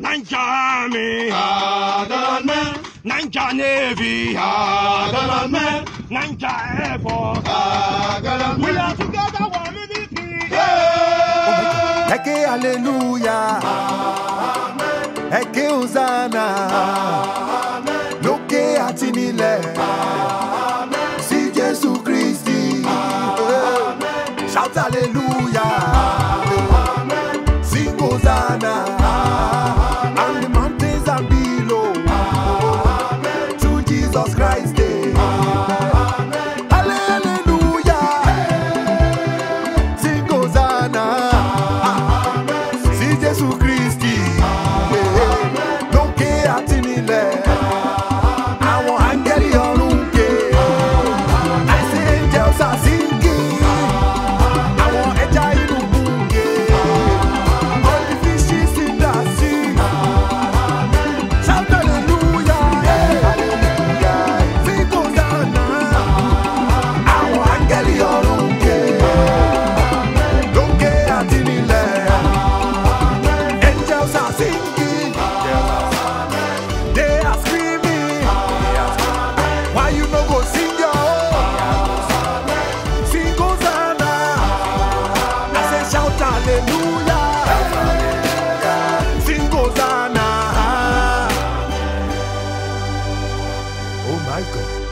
Ninja Army, Adalanme, Ninja Navy, Adalanme, Ninja Air Force, Adalanme. We are together one unity. Yeah. Eke hallelujah, Amen. Eke Hosanna, Amen. Lókè àti nílẹ̀, Amen. Sí Jésù Kristi, Amen. Shout hallelujah. Michael.